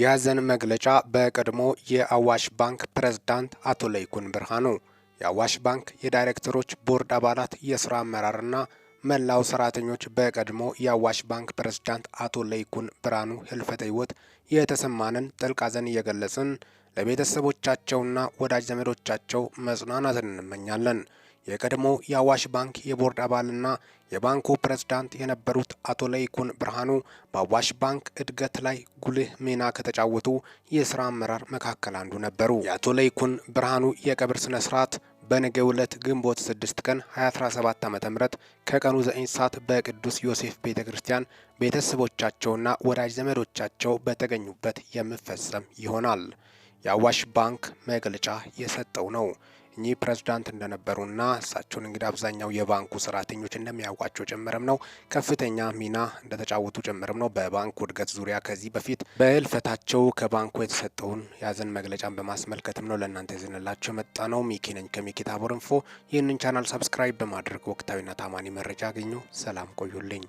የሀዘን መግለጫ በቀድሞ የአዋሽ ባንክ ፕሬዝዳንት አቶ ለይኩን ብርሃኑ፣ የአዋሽ ባንክ የዳይሬክተሮች ቦርድ አባላት፣ የስራ አመራርና መላው ሰራተኞች በቀድሞ የአዋሽ ባንክ ፕሬዝዳንት አቶ ለይኩን ብርሃኑ ህልፈተ ህይወት የተሰማንን ጥልቅ ሀዘን እየገለጽን ለቤተሰቦቻቸውና ወዳጅ ዘመዶቻቸው መጽናናትን እንመኛለን። የቀድሞ የአዋሽ ባንክ የቦርድ አባልና የባንኩ ፕሬዝዳንት የነበሩት አቶ ለይኩን ብርሃኑ በአዋሽ ባንክ እድገት ላይ ጉልህ ሚና ከተጫወቱ የስራ አመራር መካከል አንዱ ነበሩ። የአቶ ለይኩን ብርሃኑ የቀብር ስነ ስርዓት በነገው ዕለት ግንቦት 6 ቀን 2017 ዓ.ም ከቀኑ 9 ሰዓት በቅዱስ ዮሴፍ ቤተ ክርስቲያን ቤተሰቦቻቸውና ወዳጅ ዘመዶቻቸው በተገኙበት የሚፈጸም ይሆናል። የአዋሽ ባንክ መግለጫ የሰጠው ነው። እኚህ ፕሬዝዳንት እንደነበሩና እሳቸውን እንግዲህ አብዛኛው የባንኩ ሰራተኞች እንደሚያውቋቸው ጭምርም ነው። ከፍተኛ ሚና እንደተጫወቱ ጭምርም ነው በባንኩ እድገት ዙሪያ ከዚህ በፊት በህልፈታቸው ከባንኩ የተሰጠውን የሀዘን መግለጫን በማስመልከትም ነው ለእናንተ ዝንላቸው መጣ ነው። ሚኪ ነኝ ከሚኪ ታቦር ኢንፎ። ይህንን ቻናል ሰብስክራይብ በማድረግ ወቅታዊና ታማኒ መረጃ አግኙ። ሰላም ቆዩልኝ።